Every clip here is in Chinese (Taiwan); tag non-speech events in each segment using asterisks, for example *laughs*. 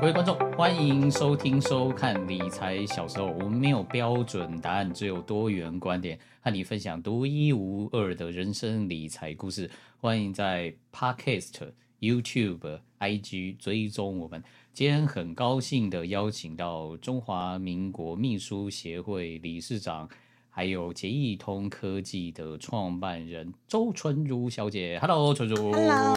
各位觀眾，歡迎收聽、收看《理財小時候》，我們沒有標準答案，只有多元觀點，和你分享獨一無二的人生理財故事。歡迎在 Podcast、YouTube、IG 追蹤我們。今天很高興的邀請到中華民國秘書協會理事長。還有捷易通科技的創辦人周純如小姐，Hello，純如，Hello，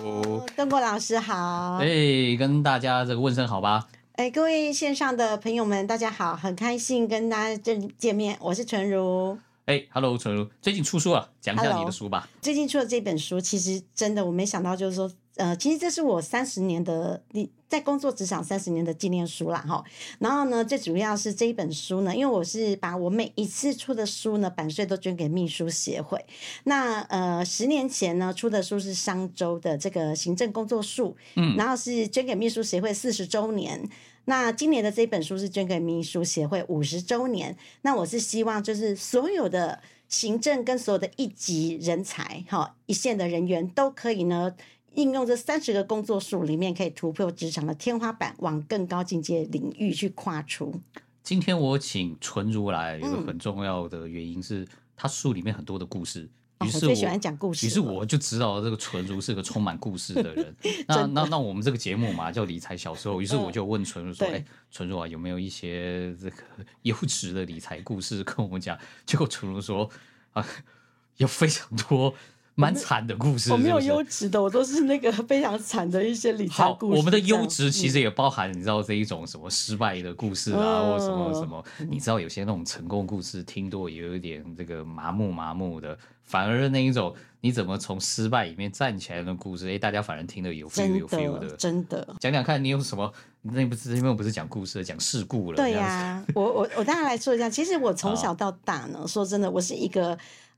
鄧國老師好，哎、hey,，跟大家這個問聲好吧，哎、hey,，各位線上的朋友們，大家好，很開心跟大家見見面，我是純如，哎、hey, Hello，純如，最近出書了，講講你的書吧，Hello, 最近出的這本書，其實真的我沒想到，就是說。呃，其實這是我三十年的，你在工作職場三十年的紀念書了哈。然後呢，最主要是這一本書呢，因為我是把我每一次出的書呢版稅都捐給秘書協會。那呃，十年前呢出的書是商周的這個行政工作書，嗯，然後是捐給秘書協會四十週年。那今年的這一本書是捐給秘書協會五十週年。那我是希望就是所有的行政跟所有的一級人才哈，一線的人員都可以呢，應用這三十個工作術，裡面可以突破職場的天花板，往更高境界領域去跨出。今天我請純如來有個很重要的原因，是他書裡面很多的故事，嗯、於是我、哦、我喜歡講故事，於是我就知道這個純如是個充滿故事的人。 *laughs* 的那那那我們這個節目嘛叫理財小時候，於是我就問純如說：“哎、嗯，純如啊，有沒有一些這個優質的理財故事跟我們講？”結果純如說：“啊，有非常多。”蠻慘的故事是不是？我沒有優質的，我都是那個非常慘的一些理財故事好。我們的優質其實也包含，你知道這一種什麼失敗的故事啊，嗯、或什麼什麼，嗯。你知道有些那種成功故事聽多也有點這個麻木麻木的，反而那一種你怎麼從失敗裡面站起來的故事，哎、欸，大家反而聽得有 feel 有 feel 的，真的。講講看，你有什麼？那不是因為不是講故事講事故了？對呀、啊，我我我大家來說一下， *laughs* 其實我從小到大呢，說真的，我是一個。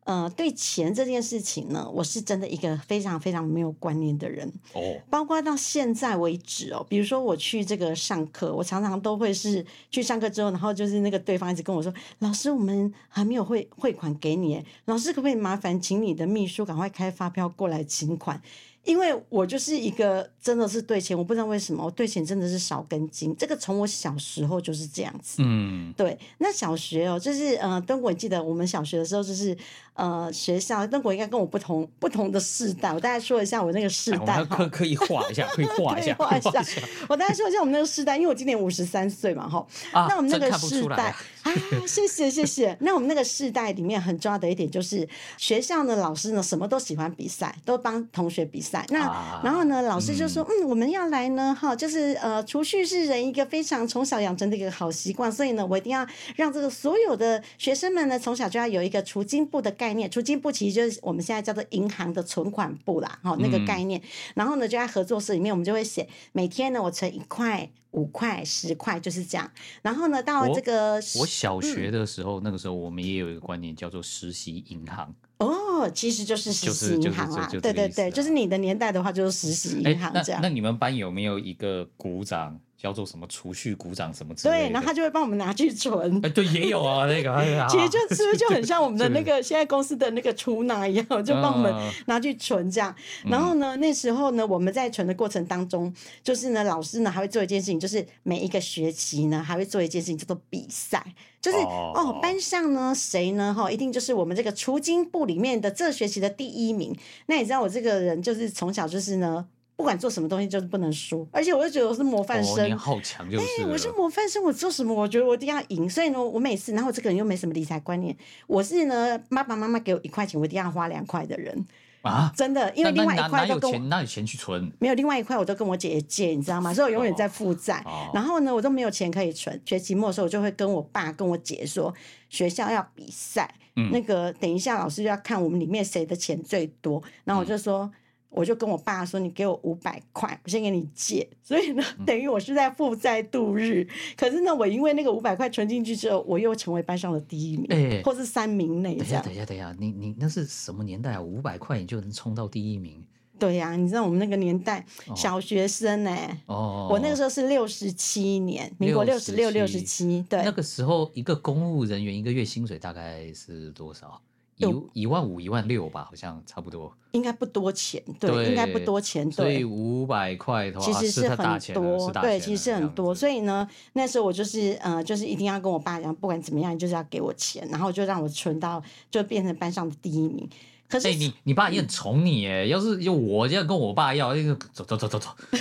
呃，對錢這件事情呢，我是真的一個非常非常沒有觀念的人。Oh. 包括到現在為止哦，比如說我去這個上課，我常常都會是去上課之後，然後就是那個對方一直跟我說，老師我們還沒有匯匯款給你耶，老師可不可以麻煩請你的秘書趕快開發票過來請款。因為我就是一個真的是對錢，我不知道為什麼我對錢真的是少根筋。這個從我小時候就是這樣子。嗯，對。那小學哦，就是呃，敦國，記得我們小學的時候就是呃，學校敦國應該跟我不同不同的世代。我大概說一下我那個世代、啊、可以 *laughs* 可以畫一下，可以畫一下， *laughs* 我大概說一下我們那個世代，因為我今年五十三歲嘛哈、啊。那我們那個世代。啊，謝謝謝謝。 *laughs* 那我們那個世代裡面很重要的一點就是，學校的老師呢，什麼都喜歡比賽，都幫同學比賽。那、啊、然後呢，老師就說嗯：“嗯，我們要來呢，哈，就是呃，儲蓄是人一個非常從小養成的一個好習慣，所以呢，我一定要讓這個所有的學生們呢，從小就要有一個儲金簿的概念。儲金簿其實就是我們現在叫做銀行的存款簿啦，哈，那個概念。嗯、然後呢，就在合作社裡面，我們就會寫，每天呢，我存一塊。”五塊十塊就是這樣，然後呢，到了這個我，我小學的時候，嗯，那個時候我們也有一個觀念叫做實習銀行哦，其實就是實習銀行啊、就是就是、啊，對對對，就是你的年代的話，就是實習銀行這樣、欸那。那你們班有沒有一個股長？叫做什麼儲蓄股長，什麼之類，對，然後他就會幫我們拿去存。欸、對，也有啊，那個。哎、 *laughs* 其實就是不是就很像我們的那個現在公司的那個出納一樣，就幫我們拿去存這樣、嗯。然後呢，那時候呢，我們在存的過程當中，就是呢，老師呢還會做一件事情，就是每一個學期呢還會做一件事情叫做比賽，就是哦，哦，班上呢誰呢哈、哦，一定就是我們這個儲金部裡面的這學期的第一名。那你知道我這個人就是從小就是呢。不管做什麼東西，就是不能輸。而且我就覺得我是模範生。哦，你好強就是欸、我是模範生。我做什麼，我覺得我一定要贏。所以呢，我每次，然後我這個人又沒什麼理財觀念。我是呢，爸爸媽媽給我一塊錢，我一定要花兩塊的人啊，真的。因為另外一塊都跟我那，那有，哪有錢去存，沒有另外一塊，我都跟我姐姐借，你知道嗎？所以我永遠在負債、哦。然後呢，我都沒有錢可以存。學期末的時候，我就會跟我爸跟我姐說，學校要比賽、嗯，那個等一下老師就要看我們裡面誰的錢最多。然後我就說。嗯我就跟我爸說：“你給我五百塊，我先給你借。”所以呢，等於我是在負債度日。嗯、可是呢，我因為那個五百塊存進去之後，我又成為班上的第一名，欸、或是三名內。等一下，等一下，等一下，你你那是什麼年代啊？五百塊你就能衝到第一名？對呀、啊，你知道我們那個年代，哦、小學生呢、欸？哦，我那個時候是六十七年，民國六十六、六十七。對，那個時候一個公務人員一個月薪水大概是多少？有一萬五一萬六吧，好像差不多，應該不多錢，對，對應該不多錢，對，五百塊其實是很多、啊是是，對，其實是很多，所以呢，那時候我就是，呃，就是一定要跟我爸，講，不管怎麼樣，就是要給我錢，然後就讓我存到，就變成班上的第一名。可是、欸、你，你爸也很寵你誒、嗯、要是就我這樣跟我爸要，走走走走走， *laughs*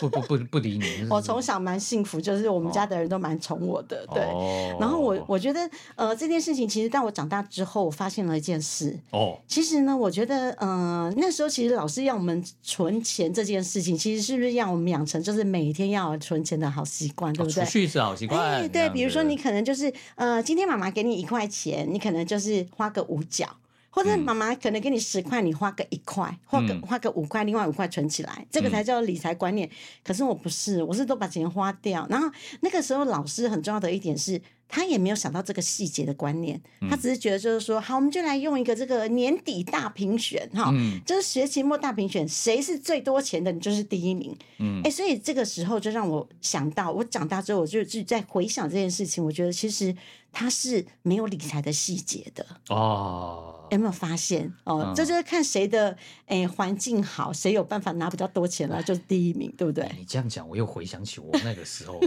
不不不理你。就是、我從小蠻幸福，就是我們家的人都蠻寵我的、哦。對，然後我我覺得，呃，這件事情其實在我長大之後，我發現了一件事。哦，其實呢，我覺得，嗯、呃，那時候其實老師讓我們存錢這件事情，其實是不是讓我們養成就是每天要存錢的好習慣、哦，對不對？儲蓄是好習慣、欸。對，比如說你可能就是，呃，今天媽媽給你一塊錢，你可能就是花個五角。或者媽媽可能給你十塊，你花個一塊，花個、嗯、花個五塊，另外五塊存起來，這個才叫理財觀念。可是我不是，我是都把錢花掉。然後那個時候，老師很重要的一點是他也沒有想到這個細節的觀念，他只是覺得就是說，好，我們就來用一個這個年底大評選哈、嗯哦，就是學期末大評選，誰是最多錢的，你就是第一名。嗯、誒，所以這個時候就讓我想到，我長大之後我就就在回想這件事情，我覺得其實。他是沒有理財的細節的哦，有沒有發現哦？這、嗯、就，就是看誰的誒環、欸、境好，誰有辦法拿比較多錢了，就是第一名，對不對？欸、你這樣講，我又回想起我那個時候， *laughs*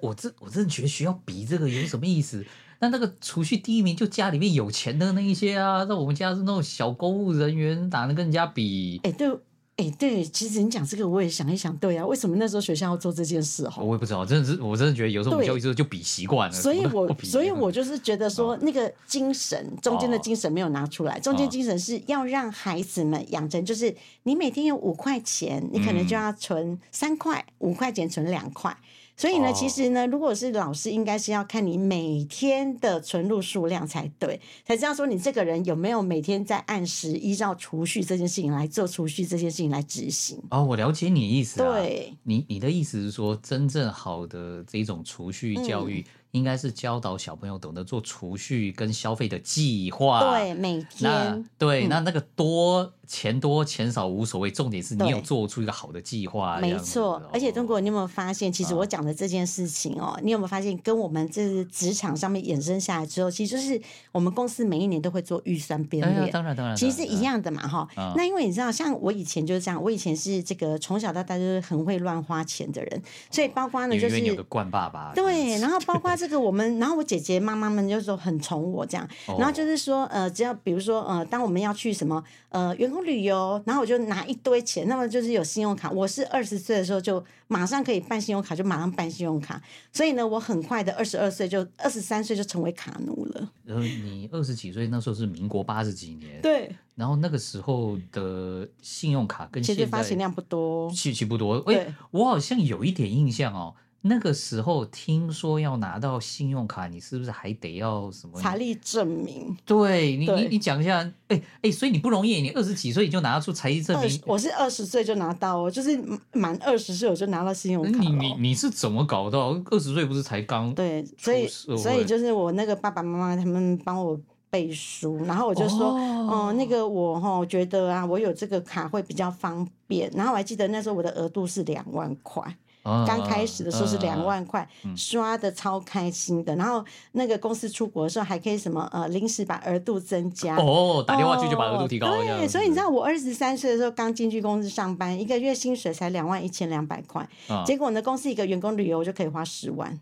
我我我真的覺得需要比這個有什麼意思？那那個儲蓄第一名就家裡面有錢的那一些啊，那我們家是那種小公務人員，哪能跟人家比？欸、對。哎、欸，對，其實你講這個我也想一想，對啊，為什麼那時候學校要做這件事？哦，我也不知道，真的是，我真的覺得有時候我們教育就就比習慣了，所以我、我，所以我就是覺得說那個精神、哦、中間的精神沒有拿出來，中間精神是要讓孩子們養成，哦、就是你每天有五塊錢，你可能就要存三塊，嗯、五塊錢存兩塊。所以呢，oh. 其實呢，如果是老師，應該是要看你每天的存入數量才對，才知道說你這個人有沒有每天在按時依照儲蓄這件事情來做儲蓄這件事情來執行。哦、oh，我了解你的意思、啊。對，你你的意思是說，真正好的這種儲蓄教育，嗯應該是教導小朋友懂得做儲蓄跟消費的計劃。對，每天對、嗯，那那個多錢多錢少無所謂，重點是你有做出一個好的計劃。沒錯，而且中國你有沒有發現，其實我講的這件事情哦，啊、你有沒有發現跟我們這是職場上面衍生下來之後，其實就是我們公司每一年都會做預算編列、啊，當然當然，其實是一樣的嘛哈、啊啊。那因為你知道，像我以前就是這樣，我以前是這個從小到大就是很會亂花錢的人，所以包括呢就是有個慣、哦、爸爸，對，就是、然後包括。這個我們，然後我姐姐媽媽們就說很寵我這樣，然後就是說，呃，只要比如說，呃，當我們要去什麼，呃，員工旅遊，然後我就拿一堆錢，那麼就是有信用卡。我是二十歲的時候就馬上可以辦信用卡，就馬上辦信用卡。所以呢，我很快的二十二歲就二十三歲就成為卡奴了。呃，你二十幾歲那時候是民國八十幾年？對。然後那個時候的信用卡跟現在，其實發行量不多，其實不多誒。我好像有一點印象哦。那個時候聽說要拿到信用卡，你是不是還得要什麼財力證明？對你，對你你講一下，哎哎，所以你不容易，你二十幾歲你就拿出財力證明。我是二十歲就拿到哦，就是滿二十歲我就拿到信用卡。你你你是怎麼搞到？二十歲不是才剛。對，所以所以就是我那個爸爸媽媽他們幫我背書，然後我就說，哦，嗯，那個我哈，哦，我覺得啊，我有這個卡會比較方便。然後我還記得那時候我的額度是兩萬塊。剛開始的時候是兩萬塊，嗯、刷的超開心的、嗯。然後那個公司出國的時候還可以什麼呃，臨時把額度增加，哦，打電話去就把額度提高了、哦。對，所以你知道我二十三歲的時候剛進去公司上班，嗯、一個月薪水才兩萬一千兩百塊、嗯。結果呢，公司一個員工旅遊就可以花十萬，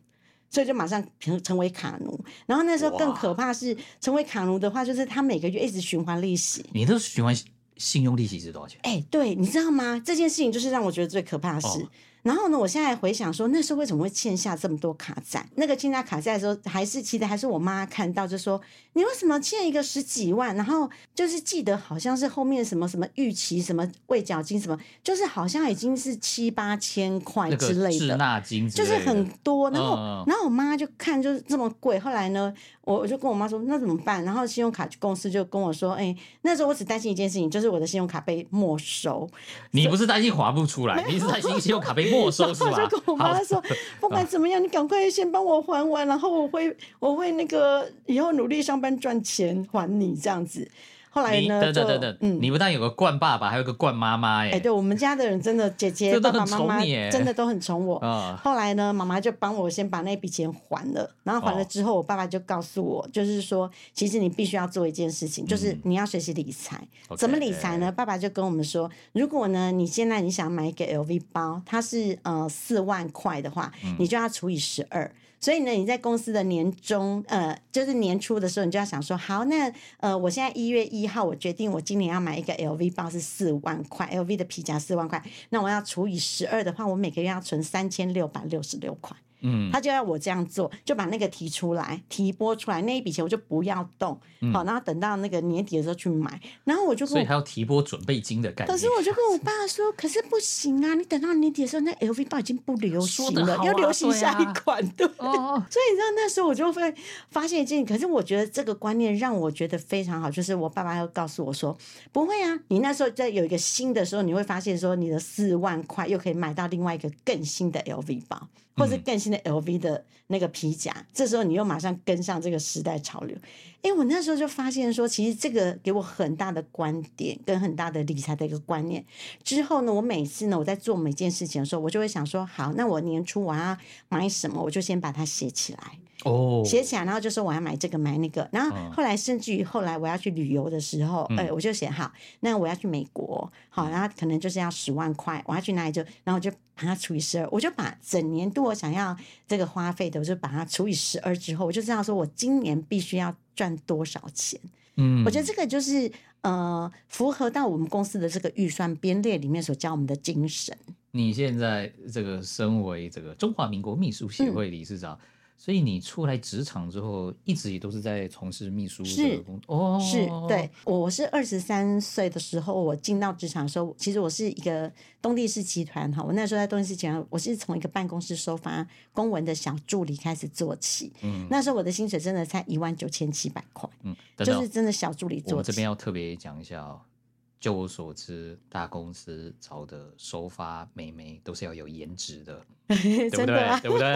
所以就馬上成成為卡奴。然後那時候更可怕是成為卡奴的話，就是他每個月一直循環利息。你都循環信用利息是多少錢？哎，對，你知道嗎？這件事情就是讓我覺得最可怕的是。哦然後呢，我現在回想說，那時候為什麼會欠下這麼多卡債？那個欠下卡債的時候，還是記得還是我媽看到就說：“你為什麼欠一個十幾萬？”然後就是記得好像是後面什麼什麼逾期，什麼未繳金，什麼，就是好像已經是七八千塊之類的滯、那個、納金的，就是很多。然後哦哦然後我媽就看就是這麼貴。後來呢，我我就跟我媽說：“那怎麼辦？”然後信用卡公司就跟我說：“哎，那時候我只擔心一件事情，就是我的信用卡被沒收。”你不是擔心劃不出來，你是擔心信用卡被。 *laughs* 然後我就跟我媽說，不管怎麼樣， *laughs* 你趕快先幫我還完，然後我會，我會那個，以後努力上班賺錢還你這樣子。後來呢？等嗯，你不但有個慣爸爸，還有個慣媽媽耶，欸、對，我們家的人真的，姐姐、都很寵爸爸、媽媽，真的都很寵我、哦。後來呢，媽媽就幫我先把那筆錢還了，然後還了之後、哦，我爸爸就告訴我，就是說，其實你必須要做一件事情，就是你要學習理財。嗯、怎麼理財呢？爸爸就跟我們說，如果呢，你現在你想買一個 LV 包，它是呃四萬塊的話，你就要除以十二。嗯所以呢，你在公司的年終，呃，就是年初的時候，你就要想說，好，那呃，我現在一月一號，我決定我今年要買一個 LV 包，是四萬塊，LV 的皮夾四萬塊，那我要除以十二的話，我每個月要存三千六百六十六塊。嗯，他就要我這樣做，就把那個提出來，提撥出來那一筆錢我就不要動，好，嗯，然後等到那個年底的時候去買，然後我就跟我所以他要提撥準備金的概念。可是我就跟我爸說， *laughs* 可是不行啊，你等到年底的時候，那 LV 包已經不流行了，要，啊、流行下一款對，啊、對， *laughs* oh. 所以你知道那時候我就會發現，一件，可是我覺得這個觀念讓我覺得非常好，就是我爸爸又告訴我說，不會啊，你那時候在有一個新的時候，你會發現說你的四萬塊又可以買到另外一個更新的 LV 包。或者更新的 LV 的那個皮夾，嗯，這時候你又馬上跟上這個時代潮流。誒，我那時候就發現說，其實這個給我很大的觀點跟很大的理財的一個觀念。之後呢，我每次呢，我在做每件事情的時候，我就會想說，好，那我年初我要買什麼，我就先把它寫起來。哦，寫起來，然後就說我要買這個買那個，然後後來甚至於後來我要去旅遊的時候，嗯欸、我就寫好，那我要去美國，好，然後可能就是要十萬塊、嗯，我要去哪裡就，然後我就把它除以十二，我就把整年度我想要這個花費的，我就把它除以十二之後，我就知道說我今年必須要賺多少錢。嗯，我覺得這個就是呃，符合到我們公司的這個預算編列裡面所教我們的精神。你現在這個身為這個中華民國秘書協會理事長。嗯所以你出來職場之後，一直也都是在從事秘書的工作是、哦？是，對，我是二十三歲的時候，我進到職場的時候，其實我是一個東帝士集團哈，我那時候在東帝士集團，我是從一個辦公室收發公文的小助理開始做起。嗯、那時候我的薪水真的才一萬九千七百塊、嗯哦。就是真的小助理做起。我這邊要特別講一下哦。就我所知，大公司找的收發美眉都是要有顏值的，對 *laughs* 真的啊？對不對？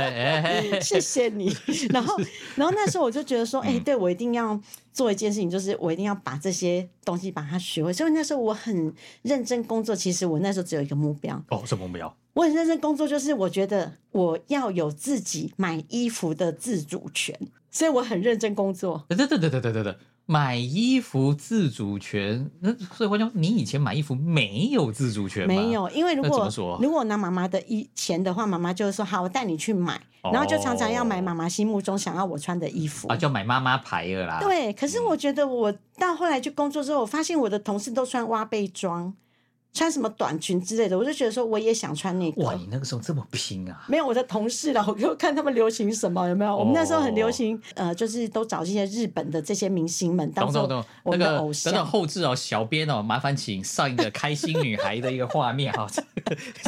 謝謝你。 *laughs* 然後，然後那時候我就覺得說，哎、 *laughs* 欸，對，我一定要做一件事情，就是我一定要把這些東西把它學會。所以那時候我很認真工作。其實我那時候只有一個目標哦，什麼目標？我很認真工作，就是我覺得我要有自己買衣服的自主權，所以我很認真工作。對對對對對對對。買衣服自主權。那所以我就說，你以前買衣服沒有自主權嗎？沒有，因為如果如果拿媽媽的錢的話，媽媽就會說，好，我帶你去買，oh. 然後就常常要買媽媽心目中想要我穿的衣服啊，就買媽媽牌了啦。對，可是我覺得我到後來去工作之後，我發現我的同事都穿挖背裝。穿什麼短裙之類的，我就覺得說我也想穿那個。哇，你那個時候這麼拼啊！沒有我的同事然後我就看他們流行什麼，有沒有？我們那時候很流行，哦、呃，就是都找一些日本的這些明星們。當時候懂,懂,懂。我的偶像那個等等後製哦、喔，小編哦、喔，麻煩請上一個開心女孩的一個畫面啊、喔。這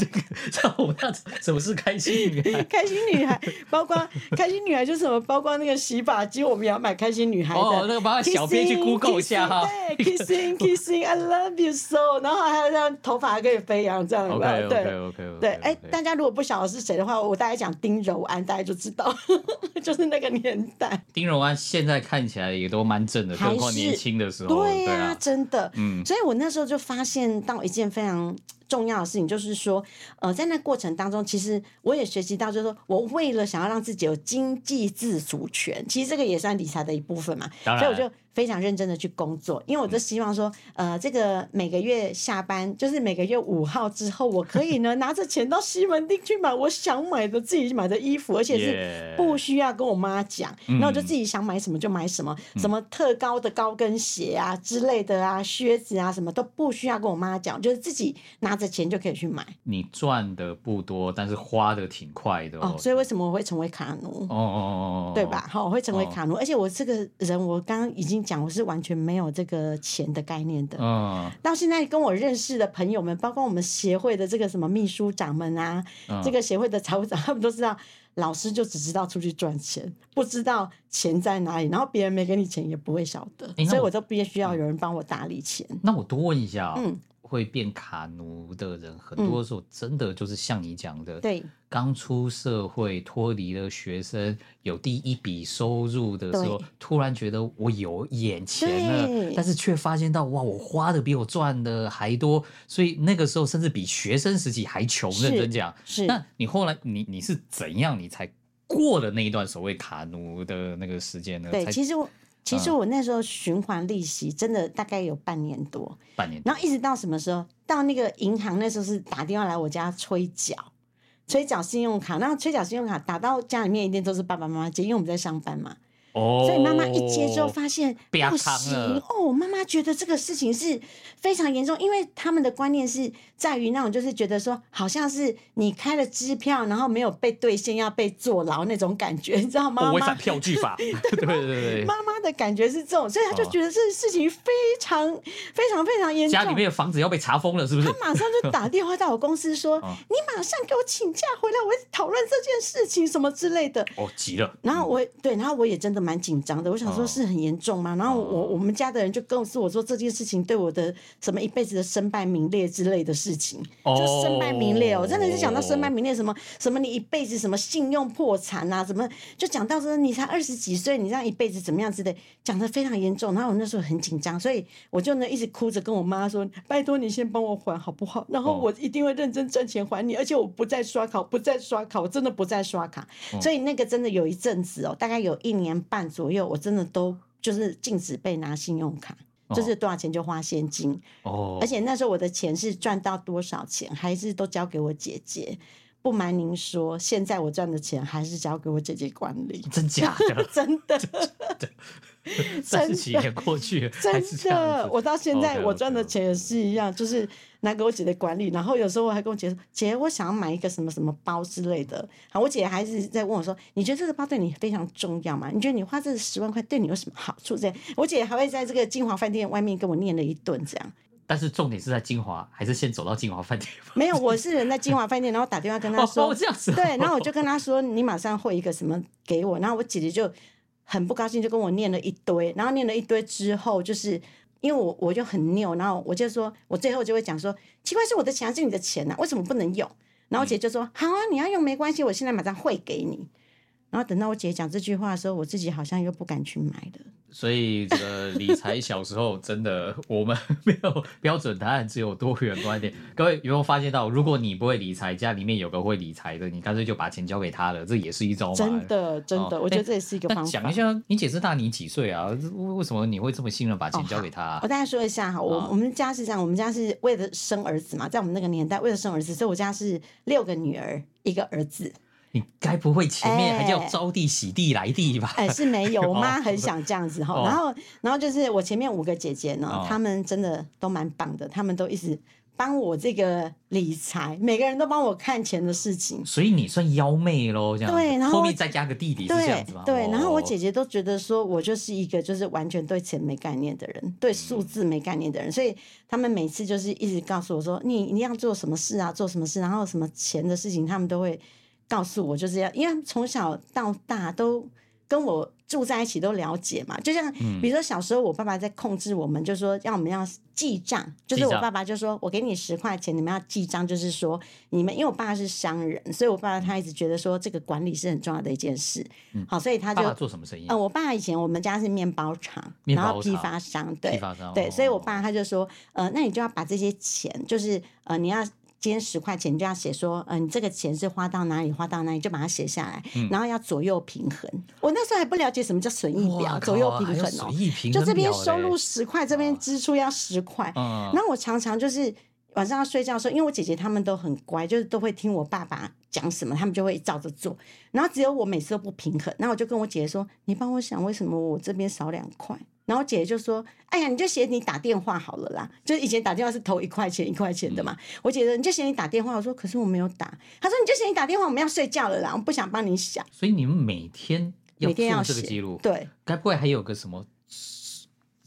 個在我們什麼是開心女孩？開心女孩包括開心女孩就是什麼？包括那個洗髮精，我們也要買開心女孩的。哦，那個把小編去 Google 一下哈、喔。Kissing, Kissing, 對 *laughs* ，Kissing，Kissing，I love you so，然後還有這樣。頭髮還可以飛揚這樣有有，對、okay, 對、okay, okay, okay, 對，哎、okay, okay, okay. 欸，大家如果不曉得是誰的話，我大概講丁柔安，大家就知道， *laughs* 就是那個年代。丁柔安現在看起來也都蠻正的，包括年輕的時候，對呀、啊啊，真的。嗯，所以我那時候就發現到一件非常重要的事情，就是說，呃，在那過程當中，其實我也學習到，就是說我為了想要讓自己有經濟自主權，其實這個也算理財的一部分嘛。當然，所以我就。非常認真的去工作，因為我就希望說，嗯、呃，這個每個月下班，就是每個月五號之後，我可以呢 *laughs* 拿着錢到西門町去買我想買的自己買的衣服，而且是不需要跟我媽講，那、yeah. 我就自己想買什麼就買什麼，嗯、什麼特高的高跟鞋啊之類的啊，靴子啊，什麼都不需要跟我媽講，就是自己拿着錢就可以去買。你賺的不多，但是花的挺快的哦，oh, 所以為什麼我會成為卡奴？哦哦哦哦，對吧？好、oh, 我會成為卡奴，oh. 而且我這個人，我剛剛已經。講我是完全沒有這個錢的概念的。嗯，到現在跟我認識的朋友們，包括我們協會的這個什麼秘書長們啊，嗯、這個協會的財務長，他們都知道老師就只知道出去賺錢，不知道錢在哪裡，然後別人沒給你錢也不會曉得，欸、所以我都必須要有人幫我打理錢、嗯。那我多問一下嗯、啊。會變卡奴的人，很多時候真的就是像你講的，嗯、對，剛出社會脫離了學生，有第一筆收入的時候，突然覺得我有眼前了，但是卻發現到哇，我花的比我賺的還多，所以那個時候甚至比學生時期還窮。認真講，是。那你後來你你是怎樣你才過了那一段所謂卡奴的那個時間呢？對，其實我。其實我那時候循環利息真的大概有半年多，嗯、半年，然後一直到什麼時候？到那個銀行那時候是打電話來我家催繳，催繳信用卡，那催繳信用卡打到家裡面一定都是爸爸媽媽接，因為我們在上班嘛。Oh, 所以媽媽一接之後發現不行哦，媽媽覺得這個事情是非常嚴重，因為他們的觀念是在於那種就是覺得說，好像是你開了支票然後沒有被兌現要被坐牢那種感覺，你知道嗎？違反票據法， *laughs* 對對對，媽媽的感覺是這種，所以他就覺得這事情非常、oh. 非常非常嚴重，家裡面的房子要被查封了，是不是？他馬上就打電話到我公司說， *laughs* oh. 你馬上給我請假回來，我討論這件事情什麼之類的。哦、oh,，急了。然後我、嗯、對，然後我也真的。蠻緊張的，我想說是很嚴重嗎？Oh. 然後我我們家的人就告訴我，我說這件事情對我的什麼一輩子的身敗名裂之類的事情，oh. 就身敗名裂哦，oh. 我真的是講到身敗名裂，什麼什麼你一輩子什麼信用破產啊，什麼就講到說你才二十幾歲，你這樣一輩子怎麼樣之類，講得非常嚴重。然後我那時候很緊張，所以我就能一直哭着跟我媽說：“拜托你先幫我還好不好？”然後我一定會認真賺錢還你，而且我不再刷卡，不再刷卡，我真的不再刷卡。Oh. 所以那個真的有一陣子哦，大概有一年。半左右，我真的都就是禁止被拿信用卡，哦、就是多少錢就花現金。哦、而且那時候我的錢是賺到多少錢，還是都交給我姐姐。不瞞您說，現在我賺的錢還是交給我姐姐管理。真假的？ *laughs* 真的。 *laughs* *laughs* 三十幾年過去了真、真的，我到現在 okay, okay. 我賺的錢也是一樣，就是拿給我姐的管理。然後有時候我還跟我姐說：“姐，我想要買一個什麼什麼包之類的。”好，我姐還是在問我說：“你覺得這個包對你非常重要嗎？你覺得你花這十萬塊對你有什麼好處？”這樣，我姐還會在這個金華飯店外面跟我念了一頓這樣。但是重點是在金華，還是先走到金華飯店？沒有，我是人在金華飯店， *laughs* 然後打電話跟他說：“哦哦、這樣子、哦。”對，然後我就跟他說：“你馬上匯一個什麼給我。”然後我姐姐就。很不高興，就跟我念了一堆，然後念了一堆之後，就是因為我我就很拗，然後我就說，我最後就會講說，奇怪是我的錢還是你的錢呢、啊？為什麼不能用？然後我姐就說、嗯，好啊，你要用沒關係，我現在馬上匯給你。然後等到我姐講這句話的時候，我自己好像又不敢去買的。所以，這個，理財小時候真的 *laughs* 我們沒有標準答案，只有多元觀點。各位有沒有發現到，如果你不會理財，家裡面有個會理財的，你乾脆就把錢交給他了，這也是一招。真的，真的，哦、我覺得這也是一個方法。講、欸、一下，你姐是大你幾歲啊？為什麼你會這麼信任把錢交給他、啊 oh,？我大概說一下哈，我、oh. 我們家是這樣，我們家是為了生兒子嘛，在我們那個年代，為了生兒子，所以我家是六個女兒一個兒子。你該不會前面還叫招弟、喜弟、來弟吧？哎、欸，是沒有，我媽很想這樣子哈。Oh, 然後，oh. 然後就是我前面五個姐姐呢，oh. 她們真的都蠻棒的，他們都一直幫我這個理財，每個人都幫我看錢的事情。所以你算幺妹咯。這樣子。對，然後後面再加個弟弟是這樣子嗎？對對。Oh. 然後我姐姐都覺得說我就是一個就是完全對錢沒概念的人，對數字沒概念的人，嗯、所以他們每次就是一直告訴我說你你要做什麼事啊，做什麼事，然後什麼錢的事情，他們都會。告訴我，就是要，因為從小到大都跟我住在一起，都了解嘛。就像，比如說小時候我爸爸在控制我們，就說要我們要記賬，就是我爸爸就說，我給你十塊錢，你們要記賬，就是說你們，因為我爸是商人，所以我爸爸他一直覺得說這個管理是很重要的一件事。嗯，好，所以他就，爸爸做什麼生意啊？呃，我爸以前我們家是麵包廠，然後批發商，對，批發商，哦。對，所以我爸他就說，呃，那你就要把這些錢，就是呃，你要。今天十塊錢就要寫說，嗯、呃，這個錢是花到哪裡，花到哪裡，就把它寫下來，嗯、然後要左右平衡。我那時候還不了解什麼叫損益表、啊，左右平衡，、哦、平衡就這邊收入十塊，這邊支出要十塊、哦。然後我常常就是晚上要睡覺的時候，因為我姐姐他們都很乖，就是都會聽我爸爸講什麼，他們就會照着做。然後只有我每次都不平衡，那我就跟我姐姐說：“你幫我想，為什麼我這邊少兩塊？”然後我姐姐就說：“哎呀，你就寫你打電話好了啦。就以前打電話是投一塊錢一塊錢的嘛。嗯”我姐姐說，你就寫你打電話。我說：“可是我沒有打。”她說：“你就寫你打電話，我們要睡覺了啦，我們不想幫你想。所以你們每天每天要寫這個記錄，對。該不會還有個什麼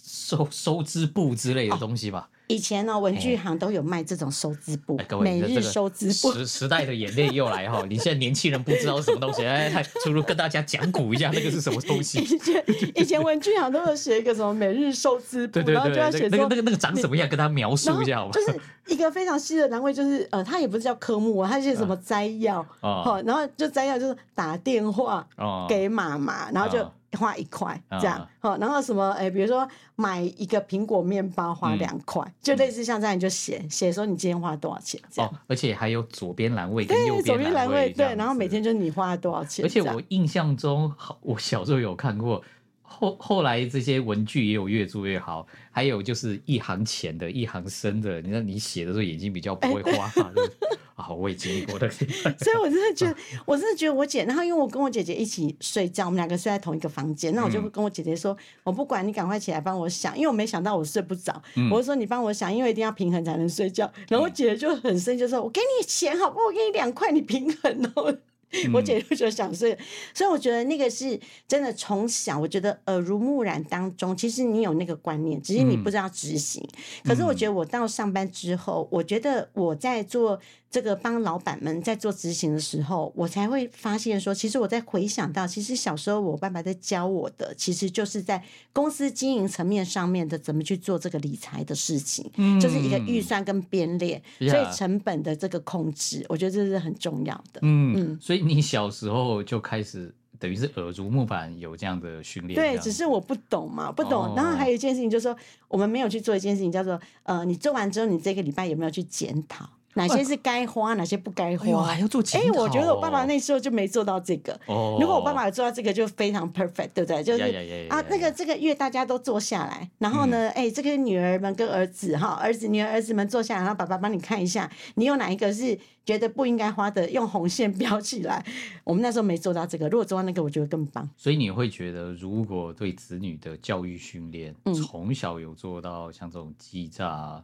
收收支簿之類的東西吧？哦以前呢、喔，文具行都有賣這種收支簿、欸，每日收支簿。時時代的眼淚又來哈！ *laughs* 你現在年輕人不知道什麼東西，哎、 *laughs* 欸，不如跟大家講古一下，那個是什麼東西？以前以前文具行都有寫一個什麼每日收支簿，然後就要寫說那個、那個、那個長什麼樣，跟他描述一下好不好？就是一個非常細的單位，就是呃，它也不是叫科目他它是什麼摘要好、啊，然後就摘要就是打電話給媽媽、啊，然後就。啊花一塊這樣、嗯，然後什麼？誒，比如說買一個蘋果麵包花兩塊，嗯、就類似像這樣你就寫寫說你今天花了多少錢。哦，而且還有左邊欄位跟右邊欄位，對，對然後每天就你花了多少錢。而且我印象中，好，我小時候有看過後，後來這些文具也有越做越好。還有就是一行淺的，一行深的，你知道你寫的時候眼睛比較不會花。哎 *laughs* 好，我經歷過的。所以，我真的覺得，我真的覺得我姐。然後，因為我跟我姐姐一起睡覺，我們兩個睡在同一個房間。那我就會跟我姐姐說：“我不管，你趕快起來幫我想。”因為我沒想到我睡不着。我就說：“你幫我想，因為一定要平衡才能睡覺。”然後我姐姐就很生氣，就說：“我給你錢好不好？我給你兩塊，你平衡哦。” *laughs* 我姐就說：“想、嗯、這個，所以我覺得那個是真的。從小我覺得耳濡目染當中，其實你有那個觀念，只是你不知道執行、嗯。可是我覺得我到上班之後，嗯、我覺得我在做這個幫老板們在做執行的時候，我才會發現說，其實我在回想到，其實小時候我爸爸在教我的，其實就是在公司經營層面上面的怎麼去做這個理財的事情、嗯，就是一個預算跟編列、嗯，所以成本的這個控制，我覺得這是很重要的。嗯嗯，所以你小時候就開始，等於是耳濡目染有這樣的訓練。對，只是我不懂嘛，不懂。Oh. 然後還有一件事情就是說，我們沒有去做一件事情，叫做呃，你做完之後，你這個禮拜有沒有去檢討？哪些是該花，啊，哪些不該花，哎，要做。哎、欸，我覺得我爸爸那時候就沒做到這個。哦，oh，如果我爸爸有做到這個，就非常 perfect，對不對？就是 yeah, yeah, yeah, yeah, yeah, yeah, yeah. 啊，那，這個這個月大家都坐下來，然後呢，哎，嗯、欸，這個女兒們跟兒子哈，哦，兒子女兒兒子們坐下來，然後爸爸幫你看一下，你有哪一個是覺得不應該花的，用紅線標起來。我們那時候沒做到這個，如果做到那個，我覺得更棒。所以你會覺得，如果對子女的教育訓練，從小有做到像這種記賬。嗯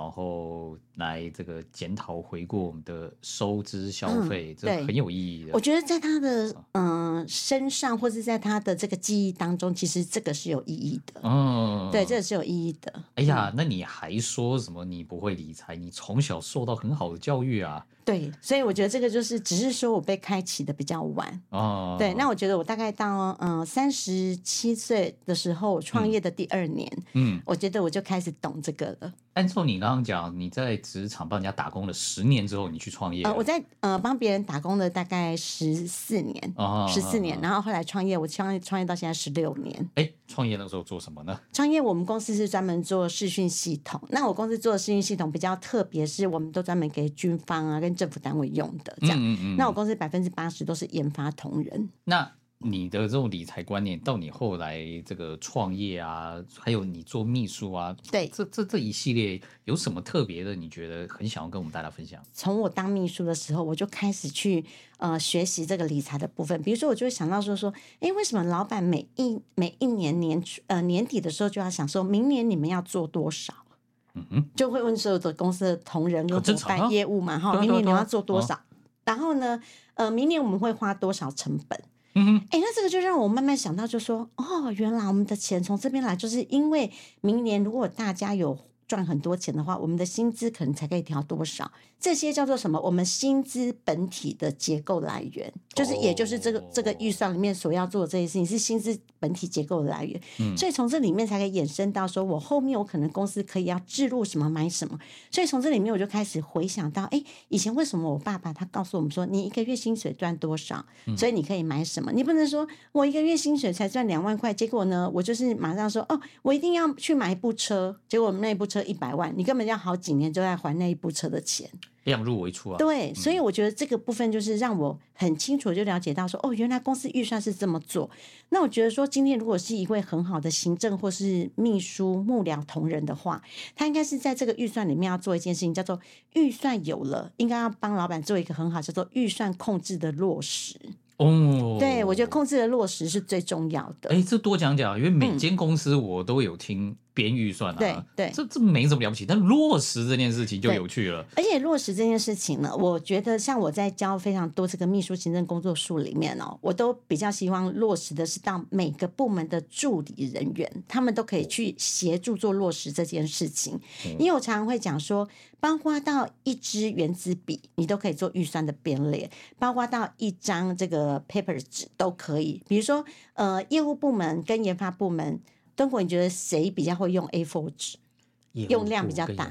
然後來這個檢討回顧我們的收支消費，嗯、這很有意義的。我覺得在他的嗯、哦呃、身上，或者在他的這個記憶當中，其實這個是有意義的。嗯，對，這個是有意義的。哎呀，那你還說什麼？你不會理財、嗯？你從小受到很好的教育啊。對，所以我覺得這個就是只是說我被開啟的比較晚哦。對哦，那我覺得我大概到嗯三十七歲的時候，我創業的第二年，嗯，我覺得我就開始懂這個了。嗯、按照你剛剛講你在職場幫人家打工了十年之後，你去創業？呃，我在呃幫別人打工了大概十四年，十、哦、十四年、哦哦，然後後來創業，我創業創業到現在十六年。哎，創業那時候做什麼呢？創業我們公司是專門做視訊系統。那我公司做的視訊系統比較特別，是我們都專門給軍方啊跟政府單位用的這樣，嗯嗯嗯。那我公司百分之八十都是研發同仁。那你的這種理財觀念，到你後來這個創業啊，還有你做秘書啊，對，這這這一系列有什麼特別的，你覺得很想要跟我們大家分享？從我當秘書的時候，我就開始去呃學習這個理財的部分。比如說，我就會想到說說，欸，為什麼老闆每一每一年年呃年底的時候就要想說明年你們要做多少？就會問所有的公司的同仁，就怎麼辦業務嘛？哈、啊，明年你要做多少，啊啊啊啊？然後呢，呃，明年我們會花多少成本？嗯哎，那這個就讓我慢慢想到，就說哦，原來我們的錢從這邊來，就是因為明年如果大家有賺很多錢的話，我們的薪資可能才可以調多少。這些叫做什麼？我們薪資本體的結構來源，就是也就是這個這個預算裡面所要做的這些事情是薪資本體結構的來源，嗯、所以從這裡面才可以衍生到說，我後面我可能公司可以要置入什麼買什麼，所以從這裡面我就開始回想到，哎、欸，以前為什麼我爸爸他告訴我們說，你一個月薪水賺多少，所以你可以買什麼，嗯、你不能說我一個月薪水才賺兩萬塊，結果呢，我就是馬上說哦，我一定要去買一部車，結果那部車一百萬，你根本要好幾年就在還那一部車的錢。量入為出啊！對、嗯，所以我覺得這個部分就是讓我很清楚就了解到說，哦，原來公司預算是這麼做。那我覺得說，今天如果是一位很好的行政或是秘書、幕僚同仁的話，他應該是在這個預算裡面要做一件事情，叫做預算有了，應該要幫老板做一個很好叫做預算控制的落實。哦，對，我覺得控制的落實是最重要的。誒，這多講講，因為每間公司我都有聽。嗯編預算啊，對，對，這這沒什麼了不起，但落實這件事情就有趣了。而且落實這件事情呢，我覺得像我在教非常多這個秘書行政工作書裡面哦，我都比較希望落實的是到每個部門的助理人員，他們都可以去協助做落實這件事情。嗯，因為我常常會講說，包括到一支原子筆，你都可以做預算的編列，包括到一張這個 paper 紙都可以。比如說，呃，業務部門跟研發部門。中國，你覺得誰比較會用 A4 紙，用量比較大？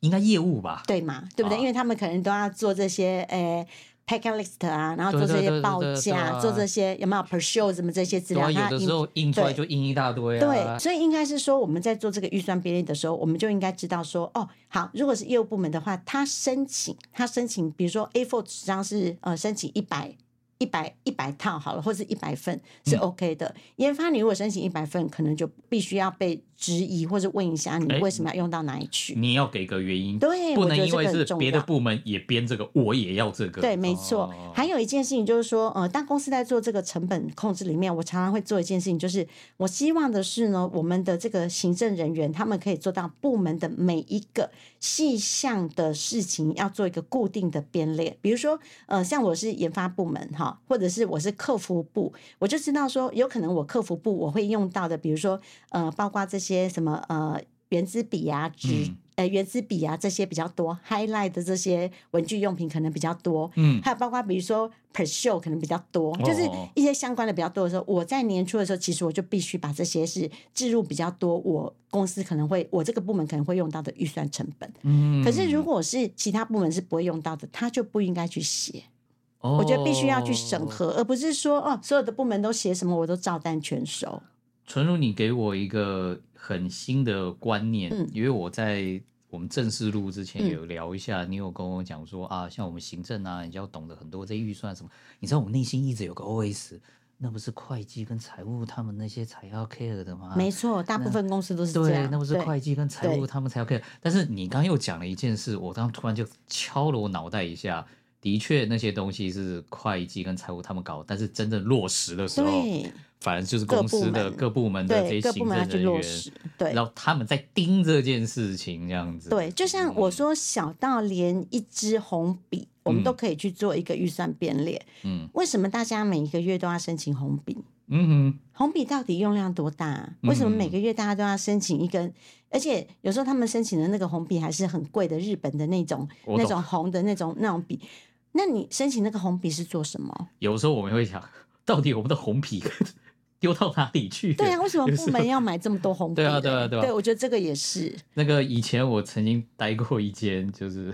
應該業務吧？對嘛？對不對、啊？因為他們可能都要做這些呃，pack list 啊，然後做這些報價，對對對對對對對對做這些有沒有 pro show 什麼這些資料對啊？有的時候印出來就印一大堆啊。對，對，所以應該是說我們在做這個預算編列的時候，我們就應該知道說哦，好，如果是業務部門的話，他申請他申請，比如說 A4 紙張是呃申請一百。一百一百套好了，或是一百份是 OK 的。嗯、研發，你如果申請一百份，可能就必須要被。質疑或者問一下，你為什麼要用到哪裡去？欸、你要給個原因，對，不能因為是別的部門也編這個，我覺得這個，我也要這個。對，沒錯、哦。還有一件事情就是說，呃，當公司在做這個成本控制裡面，我常常會做一件事情，就是我希望的是呢，我們的這個行政人員他們可以做到部門的每一個細項的事情要做一個固定的編列。比如說，呃，像我是研发部門哈，或者是我是客服部，我就知道說，有可能我客服部我會用到的，比如說，呃，包括這些。些什麼呃，原子筆啊、紙、嗯、呃、原子筆啊這些比較多，highlight 的這些文具用品可能比較多，嗯，還有包括比如說 per show 可能比較多，哦、就是一些相關的比較多的時候，我在年初的時候，其實我就必須把這些是置入比較多，我公司可能會我這個部門可能會用到的預算成本，嗯，可是如果是其他部門是不會用到的，他就不應該去寫、哦，我覺得必須要去審核、哦，而不是說哦，所有的部門都寫什麼我都照單全收。純如，你給我一個。很新的觀念，因為我在我們正式錄之前有聊一下，嗯、你有跟我講說啊，像我們行政啊，你要懂得很多這預算什麼，你知道我內心一直有個 OS，那不是會計跟財務他們那些才要 care 的嗎？沒錯，大部分公司都是這樣。那，對，那不是會計跟財務他們才要 care，但是你剛又講了一件事，我剛突然就敲了我腦袋一下，的確那些東西是會計跟財務他們搞，但是真正落實的時候。反正就是公司的各部，門各部門的這些行政人員對，對，然後他們在盯這件事情，這樣子。對，就像我說，嗯、小到連一支紅筆，我們都可以去做一個預算編列。嗯，為什麼大家每一個月都要申請紅筆？嗯哼、嗯，紅筆到底用量多大？為什麼每個月大家都要申請一根、嗯嗯？而且有時候他們申請的那個紅筆還是很貴的，日本的那種那種紅的那種那種筆。那你申請那個紅筆是做什麼？有時候我們會想到底我們的紅筆。 *laughs* 丟到哪裡去？對呀，啊，為什麼部門要買這麼多紅包？對啊，對啊，對啊！對啊，對，我覺得這個也是。那個以前我曾經待過一間，就是。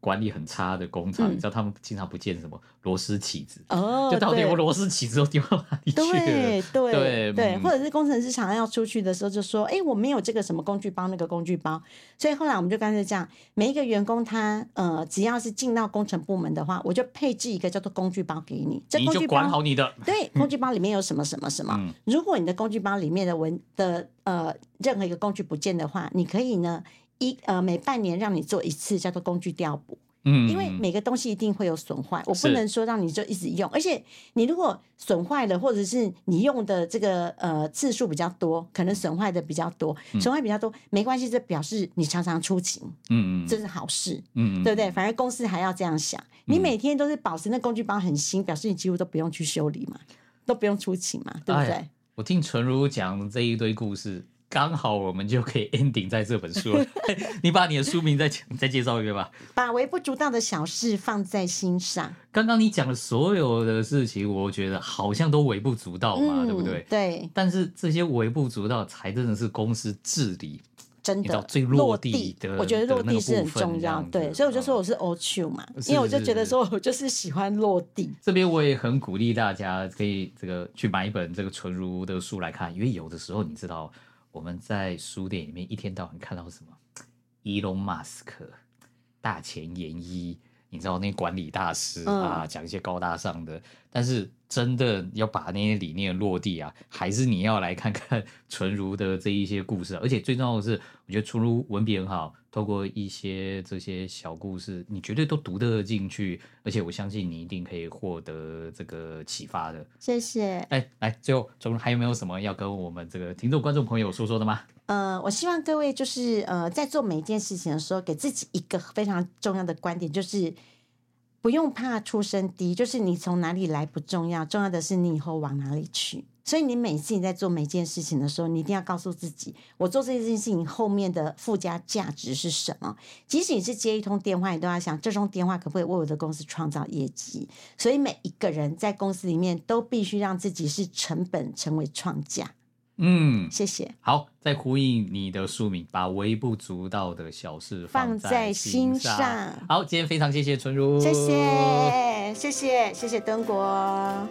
管理很差的工廠、嗯，你知道他們經常不見什麼螺絲起子哦，就到底我螺絲起子都丟到哪裡去了對對對,對,對,對,對,對，或者是工程師常要出去的時候就說：“哎、欸，我沒有這個什麼工具包，那個工具包。”所以後來我們就乾脆這樣，每一個員工他呃，只要是進到工程部門的話，我就配置一個叫做工具包給你。你就管好你的對工具包裡面有什麼什麼什麼。嗯、如果你的工具包裡面的文的呃任何一個工具不見的話，你可以呢。一呃，每半年讓你做一次叫做工具調補，嗯,嗯，因為每個東西一定會有損壞，我不能說讓你就一直用，而且你如果損壞了，或者是你用的這個呃次數比較多，可能損壞的比較多，損壞比較多、嗯、沒關係，這表示你常常出勤，嗯,嗯，這是好事，嗯嗯，對不對？反而公司還要這樣想，嗯、你每天都是保持那工具包很新，表示你幾乎都不用去修理嘛，都不用出勤嘛，對不對？我聽純如講這一堆故事。剛好我們就可以 ending 在這本書了 *laughs* 你把你的書名再再介紹一遍吧。把微不足道的小事放在心上。剛剛你講的所有的事情，我覺得好像都微不足道嘛、嗯，對不對？對。但是這些微不足道才真的是公司治理，真的最落地的。我覺得落地是很重要。對，所以我就說我是 all o u 嘛，是是是是，因為我就覺得說，我就是喜歡落地。這邊我也很鼓勵大家可以這個去買一本這個純如的書來看，因為有的時候你知道。我們在書店裡面一天到晚看到什麼？埃隆·馬斯克、大前研一，你知道那管理大師啊，嗯、講一些高大上的，但是。真的要把那些理念落地啊，還是你要來看看純如的這一些故事？而且最重要的是，我覺得純如文筆很好，透過一些這些小故事，你絕對都讀得進去，而且我相信你一定可以獲得這個啟發的。謝謝。哎，來，最後純如還有沒有什麼要跟我們這個聽眾觀眾朋友說說的嗎？呃，我希望各位就是呃，在做每一件事情的時候，給自己一個非常重要的觀點，就是。不用怕出身低，就是你從哪裡來不重要，重要的是你以後往哪裡去。所以你每次你在做每件事情的時候，你一定要告訴自己，我做這件事情後面的附加價值是什麼。即使你是接一通電話，你都要想，這通電話可不可以為我的公司創造業績？所以每一個人在公司裡面都必須讓自己是成本成為創價。嗯，謝謝。好，再呼應你的宿命，把微不足道的小事放在心上。心上。好，今天非常謝謝純如，謝謝，謝謝，謝謝敦國。